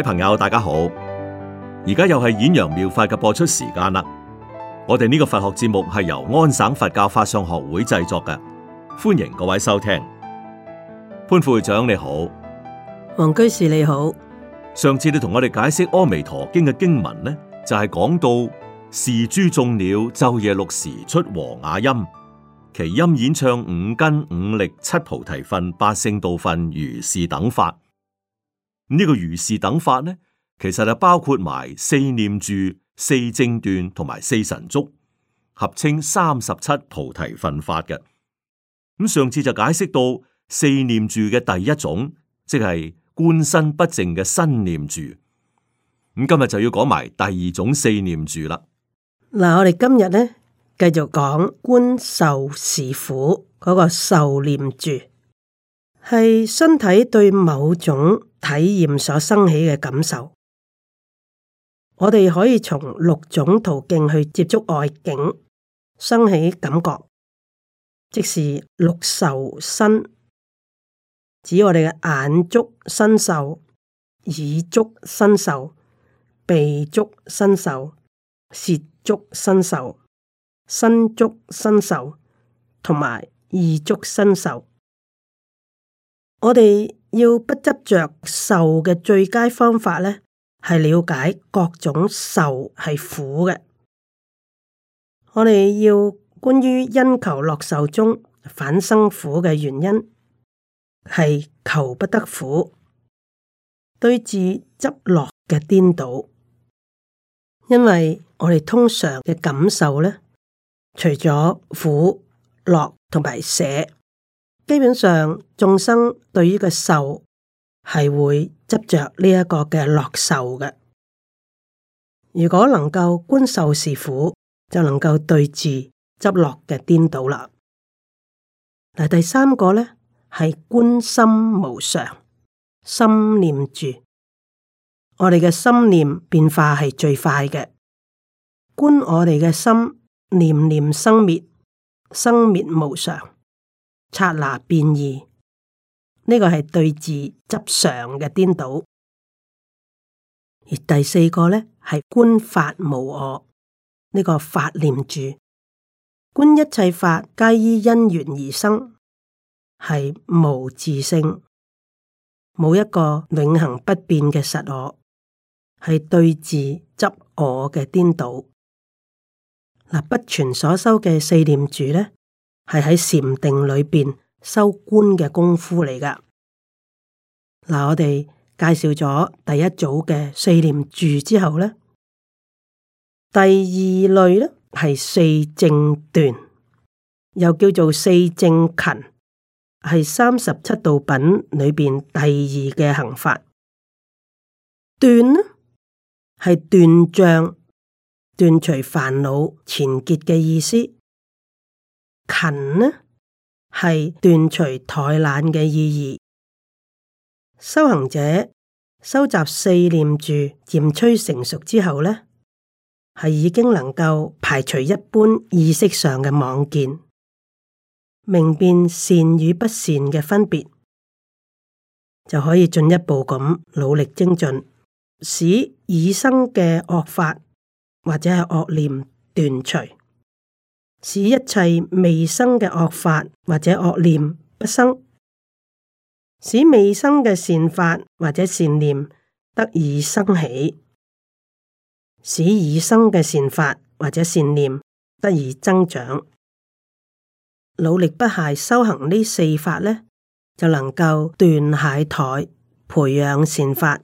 各位朋友，大家好！而家又係演揚妙法嘅播出時間啦。我哋呢個佛學節目係由安省佛教法相學會製作嘅，歡迎各位收聽。潘副會長你好，黃居士你好。上次你同我哋解釋《阿彌陀經》嘅經文呢，就係講到是諸眾鳥晝夜六時出和雅音，其音演唱五根五力七菩提分八聖道分如是等法。呢個如是等法呢，其實就包括埋四念住、四正斷同埋四神足，合稱三十七菩提分法嘅。咁上次就解釋到四念住嘅第一種，即係觀身不淨嘅身念住。咁今日就要講埋第二種四念住啦。嗱，我哋今日呢，繼續講觀受是苦嗰個、那個受念住。係身體對某種體驗所生起嘅感受。我哋可以從六種途徑去接觸外境，生起感覺，即是六受身，指我哋嘅眼觸身受、耳觸身受、鼻觸身受、舌觸身受、身觸身受同埋耳觸「身受。我哋要不執着受嘅最佳方法咧，係了解各種受係苦嘅。我哋要關於因求樂受中反生苦嘅原因，係求不得苦對治執樂嘅顛倒。因為我哋通常嘅感受咧，除咗苦、樂同埋捨。基本上眾生對於個受係會執着呢一個嘅樂受嘅，如果能夠觀受是苦，就能夠對住執樂嘅顛倒啦。第三個咧係觀心無常，心念住。我哋嘅心念變化係最快嘅，觀我哋嘅心念念生滅，生滅無常。剎那變異，呢、這個係對治執常嘅顛倒；而第四個呢，係觀法無我，呢、這個法念住觀一切法皆依因緣而生，係無自性，冇一個永恆不變嘅實我，係對治執我嘅顛倒。嗱、啊，不全所修嘅四念住呢。係喺禪定裏邊修觀嘅功夫嚟噶。嗱，我哋介紹咗第一組嘅四念住之後咧，第二類咧係四正斷，又叫做四正勤，係三十七道品裏邊第二嘅行法。斷咧係斷障、斷除煩惱、纏結嘅意思。勤呢係斷除怠懶嘅意義，修行者收集四念住漸趨成熟之後呢，係已經能夠排除一般意識上嘅妄見，明辨善與不善嘅分別，就可以進一步咁努力精進，使已生嘅惡法或者係惡念斷除。使一切未生嘅惡法或者惡念不生，使未生嘅善法或者善念得以生起，使已生嘅善法或者善念得以增長。努力不懈修行呢四法呢，就能夠斷懈怠，培養善法，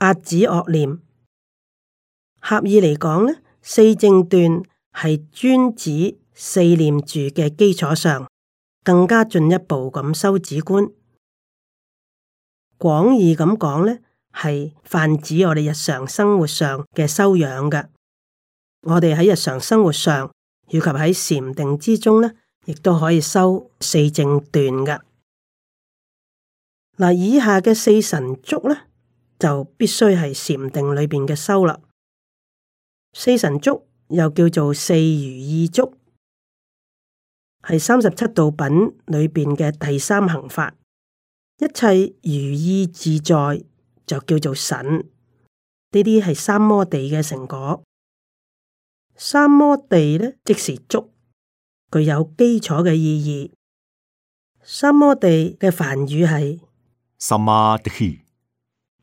壓止惡念。合意嚟講咧，四正斷。係專指四念住嘅基礎上，更加進一步咁修止觀。廣義咁講呢，係泛指我哋日常生活上嘅修養嘅。我哋喺日常生活上以及喺禪定之中呢，亦都可以修四正斷嘅。嗱，以下嘅四神足呢，就必須係禪定裏邊嘅修啦。四神足，又叫做四如意足，係三十七道品裏邊嘅第三行法。一切如意自在就叫做神。呢啲係三摩地嘅成果。三摩地咧，即是足，具有基礎嘅意義。三摩地嘅梵語係，三摩地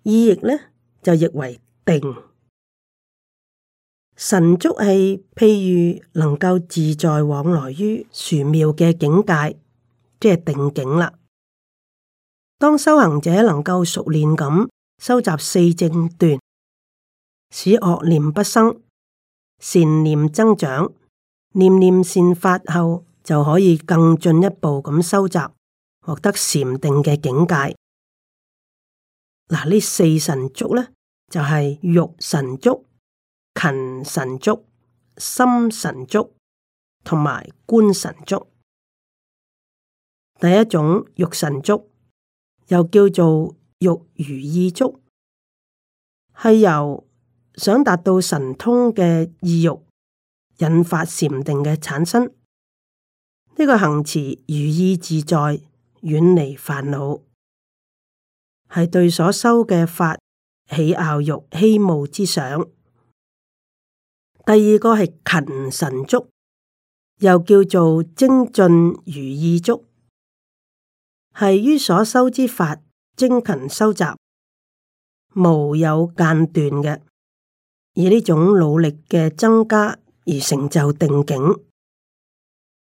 意譯咧，就譯為定。神足係，譬如能夠自在往來於玄妙嘅境界，即係定境啦。當修行者能夠熟練咁收集四正斷，使惡念不生，善念增長，念念善法後，就可以更進一步咁收集，獲得禪定嘅境界。嗱，呢四神足呢，就係、是、欲神足、勤神足、心神足同埋觀神足。第一種欲神足，又叫做欲如意足，係由想達到神通嘅意欲引發禪定嘅產生。呢、這個行持如意自在，遠離煩惱，係對所修嘅法起傲欲、希慕之想。第二個係勤神足，又叫做精進如意足，係於所修之法精勤修集，無有間斷嘅，以呢種努力嘅增加而成就定境，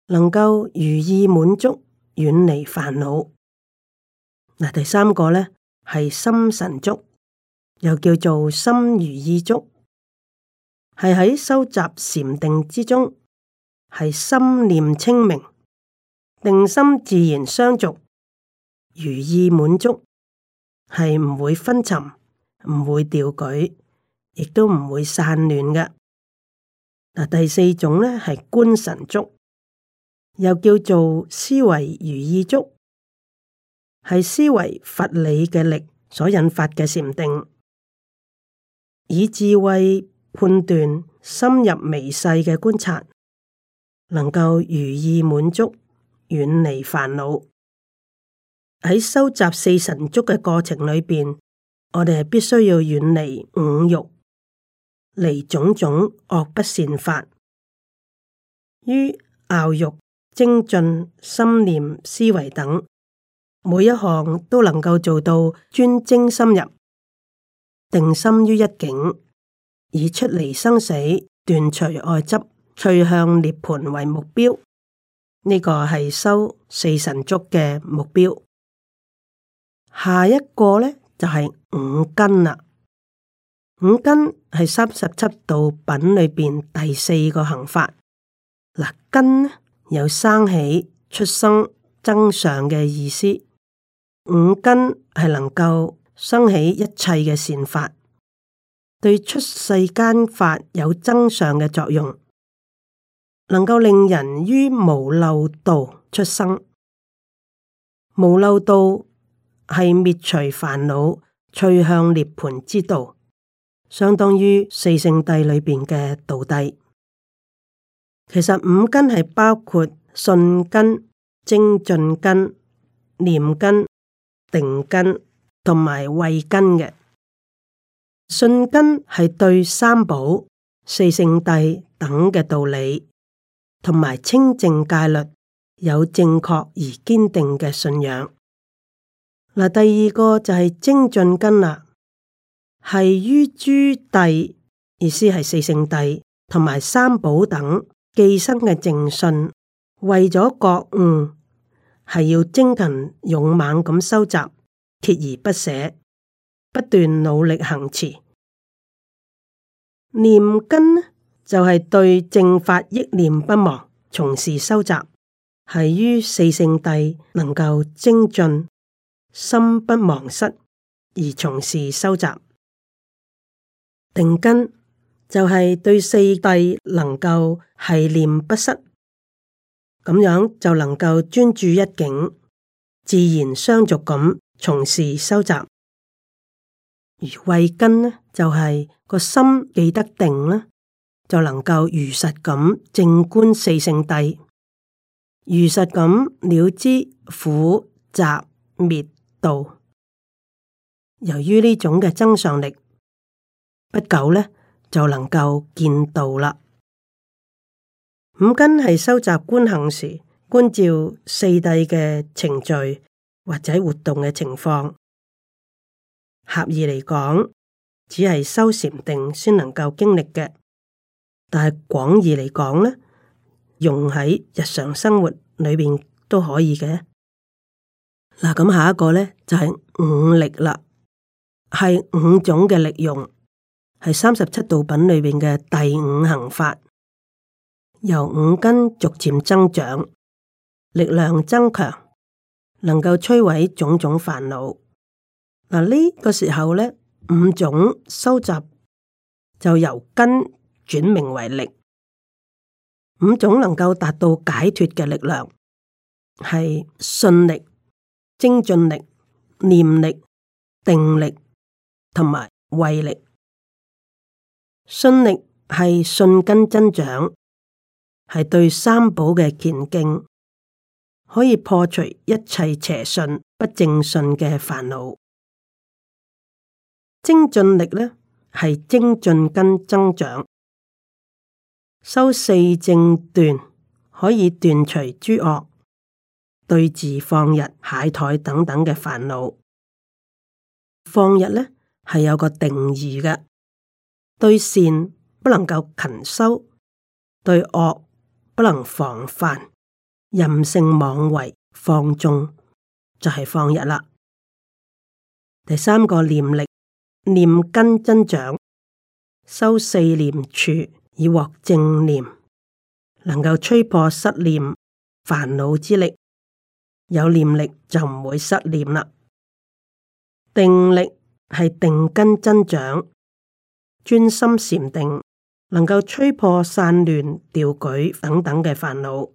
能夠如意滿足，遠離煩惱。嗱，第三個咧係心神足，又叫做心如意足。係喺收集禪定之中，係心念清明，定心自然相續，如意滿足，係唔會昏沉，唔會掉舉，亦都唔會散亂嘅。第四種咧係觀神足，又叫做思維如意足，係思維佛理嘅力所引發嘅禪定，以智慧，判斷深入微細嘅觀察，能夠如意滿足，遠離煩惱。喺收集四神足嘅過程裏邊，我哋必須要遠離五欲，離種種惡不善法，於傲欲、精進、心念、思維等每一項都能夠做到專精深入，定心於一境。以出離生死、斷除外執、趣向涅盤為目標，呢、這個係修四神足嘅目標。下一個呢，就係、是、五根啦。五根係三十七道品裏邊第四個行法。嗱，根有生起、出生、增上嘅意思。五根係能夠生起一切嘅善法。對出世間法有增上嘅作用，能夠令人於無漏道出生。無漏道係滅除煩惱、趨向涅槃之道，相當於四聖諦裏邊嘅道諦。其實五根係包括信根、精進根、念根、定根同埋慧根嘅。信根係對三寶、四聖諦等嘅道理，同埋清淨戒律有正確而堅定嘅信仰。嗱，第二個就係精進根啦，係於諸諦，意思係四聖諦同埋三寶等寄生嘅正信，為咗覺悟，係要精勤勇猛咁收集，鍥而不捨。不斷努力行持，念根就係對正法憶念不忘，從事修習係於四聖諦能夠精進，心不忘失而從事修習。定根就係對四諦能夠繫念不失，咁樣就能夠專注一境，自然相續咁從事修習。而慧根呢，就係、是、個心記得定呢，就能夠如實咁正觀四聖諦，如實咁了知苦、集、滅、道。由於呢種嘅增上力，不久呢就能夠見道啦。五根係收集觀行時，觀照四諦嘅程序或者活動嘅情況。狹義嚟講，只係修禪定先能夠經歷嘅；但係廣義嚟講呢，用喺日常生活裏邊都可以嘅。嗱，咁下一個呢，就係五力啦，係五種嘅力用，係三十七道品裏邊嘅第五行法，由五根逐漸增長，力量增強，能夠摧毀種種煩惱。嗱，呢個時候呢，五種收集就由根轉名為力，五種能夠達到解脫嘅力量係信力、精進力、念力、定力同埋慧力。信力係信根增長，係對三寶嘅虔敬，可以破除一切邪信、不正信嘅煩惱。精進力呢係精進根增長，修四正斷可以斷除諸惡、對治放逸、懈怠等等嘅煩惱。放逸呢係有個定義嘅，對善不能夠勤修，對惡不能防範，任性妄為放縱就係、是、放逸啦。第三個念力。念根增長，修四念處以獲正念，能夠摧破失念煩惱之力。有念力就唔會失念啦。定力係定根增長，專心禪定，能夠摧破散亂、掉舉等等嘅煩惱。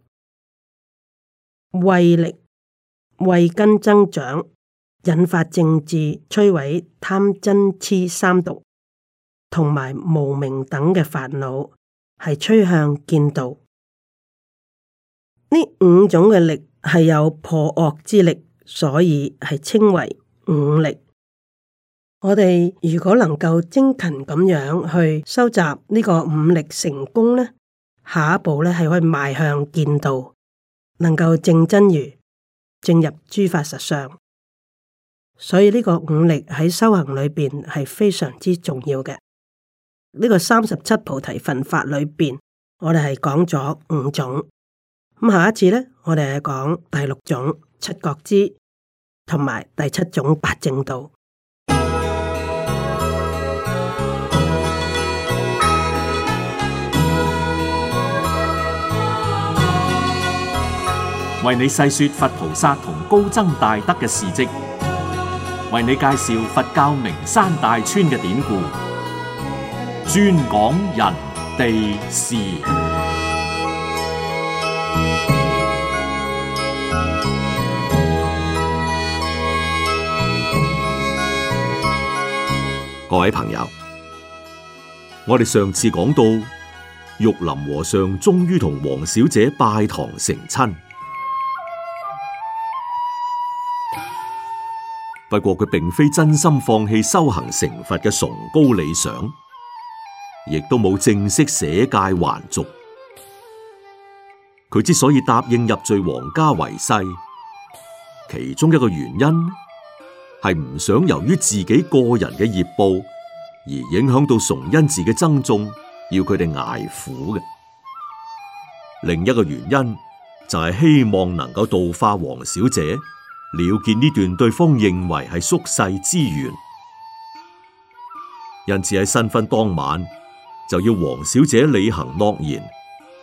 慧力慧根增長。引發政治摧毀貪嗔癡三毒，同埋無明等嘅煩惱，係趨向見道。呢五種嘅力係有破惡之力，所以係稱為五力。我哋如果能夠精勤咁樣去收集呢個五力成功咧，下一步咧係可以邁向見道，能夠正真如，正入諸法實相。所以呢個五力喺修行裏邊係非常之重要嘅。呢、這個三十七菩提分法裏邊，我哋係講咗五種。咁下一次呢，我哋係講第六種七覺支，同埋第七種八正道。為你細說佛菩薩同高僧大德嘅事蹟。為你介紹佛教名山大川嘅典故，專講人地事。各位朋友，我哋上次講到玉林和尚終於同黃小姐拜堂成親。不過佢並非真心放棄修行成佛嘅崇高理想，亦都冇正式捨戒還俗。佢之所以答應入贅皇家為婿，其中一個原因係唔想由於自己個人嘅業報而影響到崇恩寺嘅僧眾，要佢哋挨苦嘅。另一個原因就係、是、希望能夠度化王小姐。了結呢段，對方認為係宿世之緣，因此喺新婚當晚就要黃小姐履行諾言，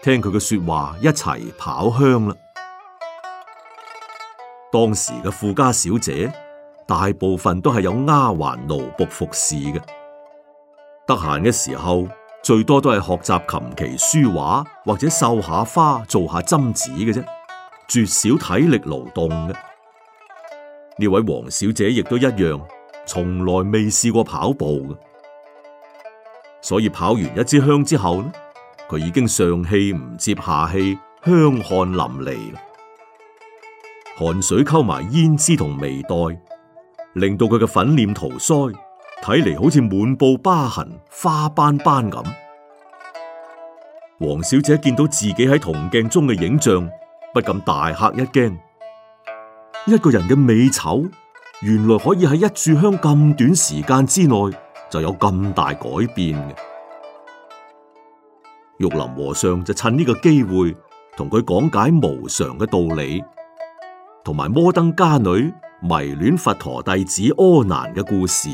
聽佢嘅說話一齊跑香啦。當時嘅富家小姐大部分都係有丫鬟奴僕服侍嘅，得閒嘅時候最多都係學習琴棋書畫或者繡下花，做下針黹嘅啫，絕少體力勞動嘅。呢位王小姐亦都一樣，從來未試過跑步嘅，所以跑完一支香之後呢，佢已經上氣唔接下氣，香汗淋漓，汗水溝埋胭脂同眉黛，令到佢嘅粉臉桃腮，睇嚟好似滿布疤痕花斑斑咁。王小姐見到自己喺銅鏡中嘅影像，不禁大嚇一驚。一個人嘅美醜，原來可以喺一炷香咁短時間之內就有咁大改變嘅。玉林和尚就趁呢個機會同佢講解無常嘅道理，同埋摩登伽女迷戀佛陀弟子阿難嘅故事。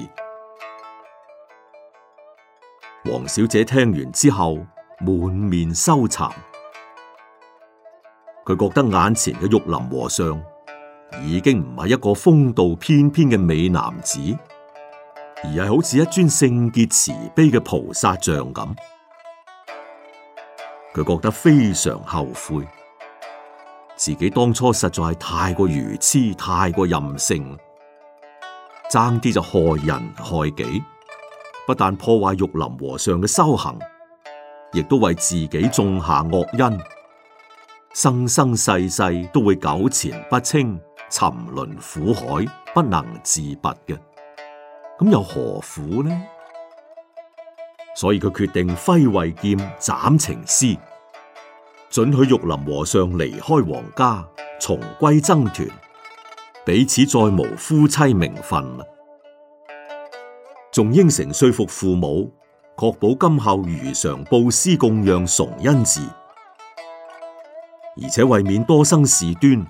黃小姐聽完之後，滿面羞慚，佢覺得眼前嘅玉林和尚，已經唔係一個風度翩翩嘅美男子，而係好似一尊聖潔慈悲嘅菩薩像咁。佢覺得非常後悔，自己當初實在係太過愚癡，太過任性，爭啲就害人害己，不但破壞玉林和尚嘅修行，亦都為自己種下惡因，生生世世都會糾纏不清。沉淪苦海不能自拔嘅，咁又何苦呢？所以佢決定揮慧劍斬情絲，准許玉林和尚離開皇家，重歸僧團，彼此再無夫妻名分。仲應承說服父母，確保今後如常布施供養崇恩寺，而且為免多生事端。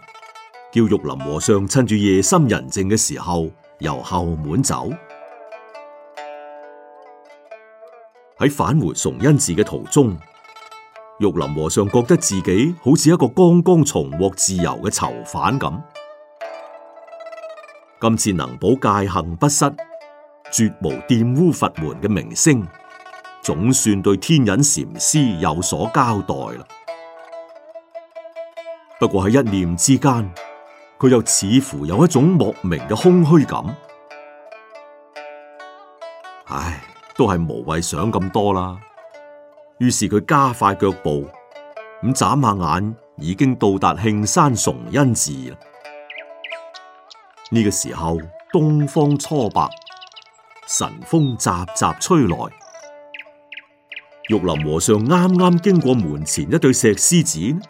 叫玉林和尚趁住夜深人靜嘅時候，由後門走。喺返回崇恩寺嘅途中，玉林和尚覺得自己好似一個剛剛重獲自由嘅囚犯咁。今次能保戒行不失，絕無玷污佛門嘅名聲，總算對天隱禪師有所交代啦。不過喺一念之間。佢又似乎有一種莫名嘅空虛感，唉，都係無謂想咁多啦。於是佢加快腳步，咁眨下眼已經到達慶山崇恩寺。呢個時候東方初白，晨風習習吹來，玉林和尚啱啱經過門前一對石獅子，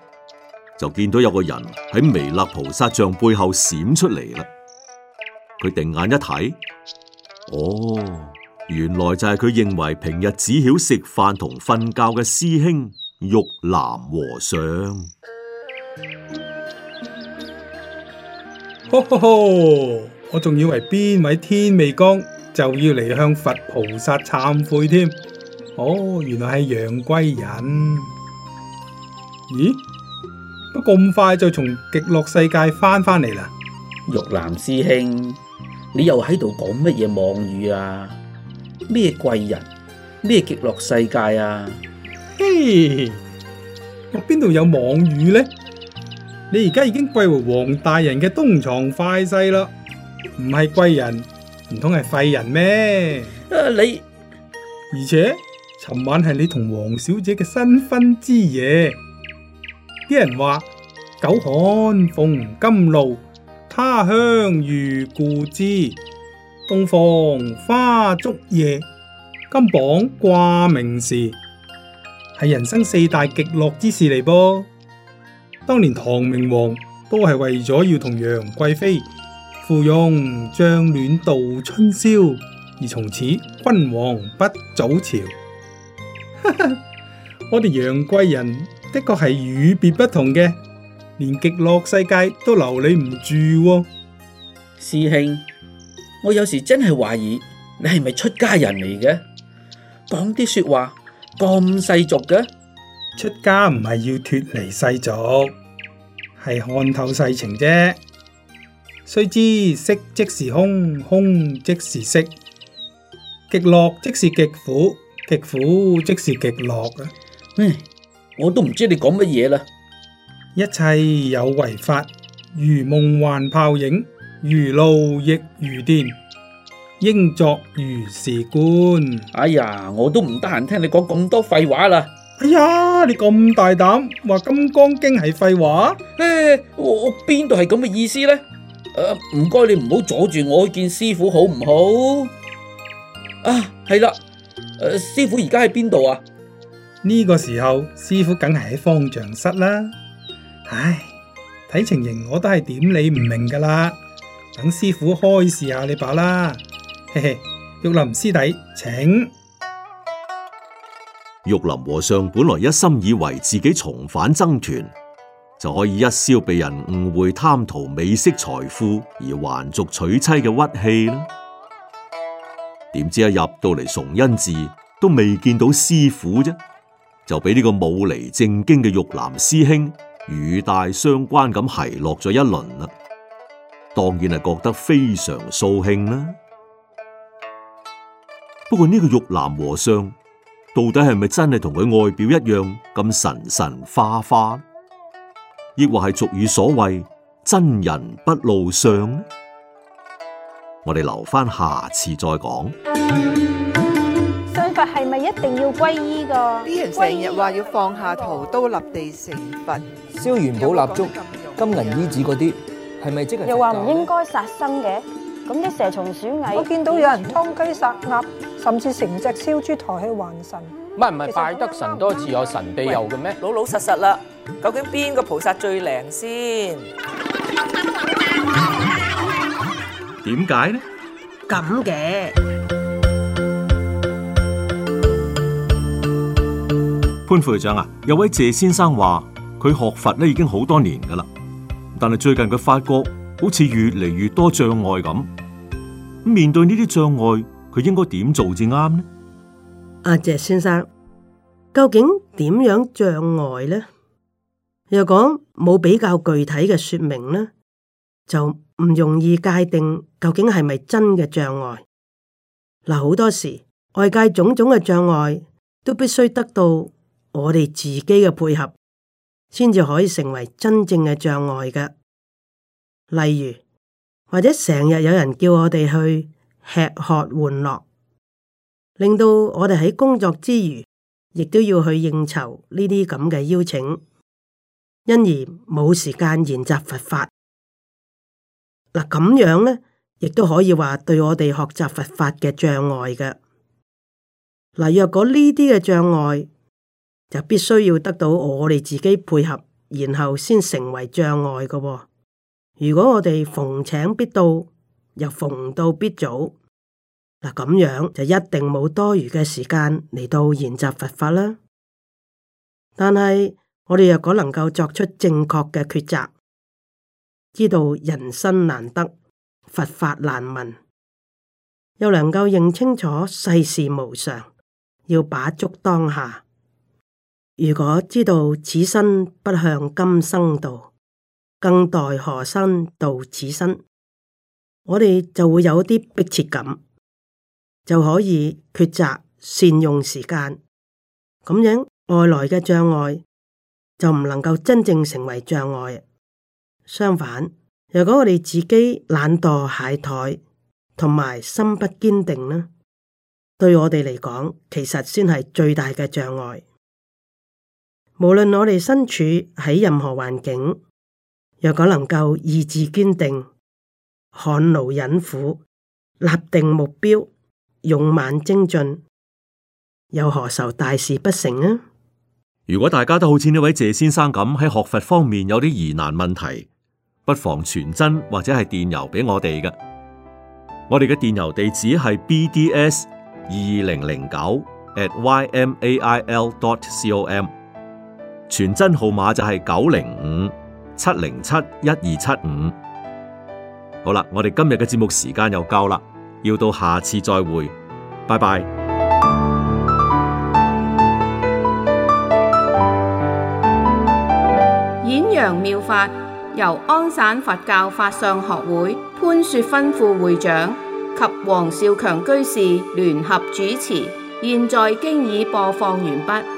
就見到有個人喺彌勒菩薩像背後閃出嚟啦。佢定眼一睇，哦，原來就係佢認為平日只曉食飯同瞓覺嘅師兄玉林和尚。哦哦哦、我仲以為邊位天未光就要嚟向佛菩薩懺悔添。哦，原來係楊貴人。咦？.不過咁快就從極樂世界翻翻嚟啦，玉林師兄，你又喺度講乜嘢妄語啊？咩貴人？咩極樂世界啊？嘿，hey，我邊度有妄語呢？你而家已經貴為王大人嘅東床快婿啦，唔係貴人，唔通係廢人咩，啊？你！而且尋晚係你同王小姐嘅新婚之夜。啲人話：久旱逢甘露，他鄉遇故知，洞房花燭夜，金榜掛名時，係人生四大極樂之事嚟噃，當年唐明皇都係為咗要同楊貴妃芙蓉帳暖度春宵，而從此君王不早朝。 我哋楊貴人。的確係與別不同嘅，連極樂世界都留你唔住。哦。師兄，我有時真係懷疑你係咪出家人嚟嘅？講啲說話咁世俗嘅。出家唔係要脫離世俗，係看透世情啫。須知色即是空，空即是色，極樂即是極苦，極苦即是極樂啊！嗯我都唔知你講乜嘢啦！一切有為法，如夢幻泡影，如露亦如電，應作如是觀。哎呀，我都唔得閒聽你講咁多廢話啦！哎呀，你咁大膽，話《金剛經》係廢話？哎、我邊度係咁嘅意思呢？誒、呃，唔該你唔好阻住我去見師傅好唔好？啊，係啦，誒、呃，師傅而家喺邊度啊？呢個時候，師傅梗係喺方丈室啦。唉，睇情形我都係點理唔明噶啦。等師傅開示下你把啦。嘿嘿，玉林師弟，請。玉林和尚本來一心以為自己重返僧團，就可以一消被人誤會貪圖美色財富而還俗娶妻嘅屈氣啦。點知一入到嚟崇恩寺，都未見到師傅啫。就畀呢個冇厘正經嘅玉林師兄語帶相關咁奚落咗一輪啦，當然係覺得非常掃興啦。不過呢個玉林和尚到底係咪真係同佢外表一樣咁神神化化，抑或係俗語所謂真人不露相呢？我哋留返下次再講。係咪一定要皈依個？啲人成日話要放下屠刀立地成佛，燒元寶蠟燭、金銀衣紙嗰啲，係咪即係？又話唔應該殺生嘅，咁啲蛇蟲鼠蟻，我見到有人劏雞殺鴨，甚至成隻燒豬抬去還神。唔係唔係，拜得神多自有神庇佑嘅咩？老老實實啦，究竟邊個菩薩最靈先？點解呢？咁嘅。潘會長啊，有位謝先生話佢學佛咧已經好多年噶啦，但係最近佢發覺好似越嚟越多障礙咁。面對呢啲障礙，佢應該點做至啱呢？阿謝先生，究竟點樣障礙呢？若講冇比較具體嘅說明呢，就唔容易界定究竟係咪真嘅障礙。嗱，好多時外界種種嘅障礙都必須得到。我哋自己嘅配合，先至可以成為真正嘅障礙嘅。例如，或者成日有人叫我哋去吃喝玩樂，令到我哋喺工作之餘，亦都要去應酬呢啲咁嘅邀請，因而冇時間研習佛法。嗱，咁樣咧，亦都可以話對我哋學習佛法嘅障礙嘅。嗱，若果呢啲嘅障礙，就必須要得到我哋自己配合，然後先成為障礙嘅喎。如果我哋逢請必到，又逢到必早，嗱，咁樣就一定冇多餘嘅時間嚟到研習佛法啦。但係我哋若果能夠作出正確嘅抉擇，知道人生難得，佛法難聞，又能夠認清楚世事無常，要把握當下。如果知道此生不向今生度，更待何生度此身？我哋就會有啲迫切感，就可以抉擇善用時間。咁樣外來嘅障礙就唔能夠真正成為障礙。相反，如果我哋自己懶惰、懈怠，同埋心不堅定呢？對我哋嚟講，其實先係最大嘅障礙。無論我哋身處喺任何環境，若果能夠意志堅定、汗勞忍苦、立定目標、勇猛精進，又何愁大事不成呢？如果大家都好似呢位謝先生咁喺學佛方面有啲疑難問題，不妨傳真或者係電郵俾我哋嘅。我哋嘅電郵地址係 bds 二零零九 @ymail.com。傳真號碼就係九零五七零七一二七五。好啦，我哋今日嘅節目時間又夠啦，要到下次再會，拜拜。演揚妙法由安省佛教法相學會潘雪芬副會長及黃少強居士聯合主持，現在經已播放完畢。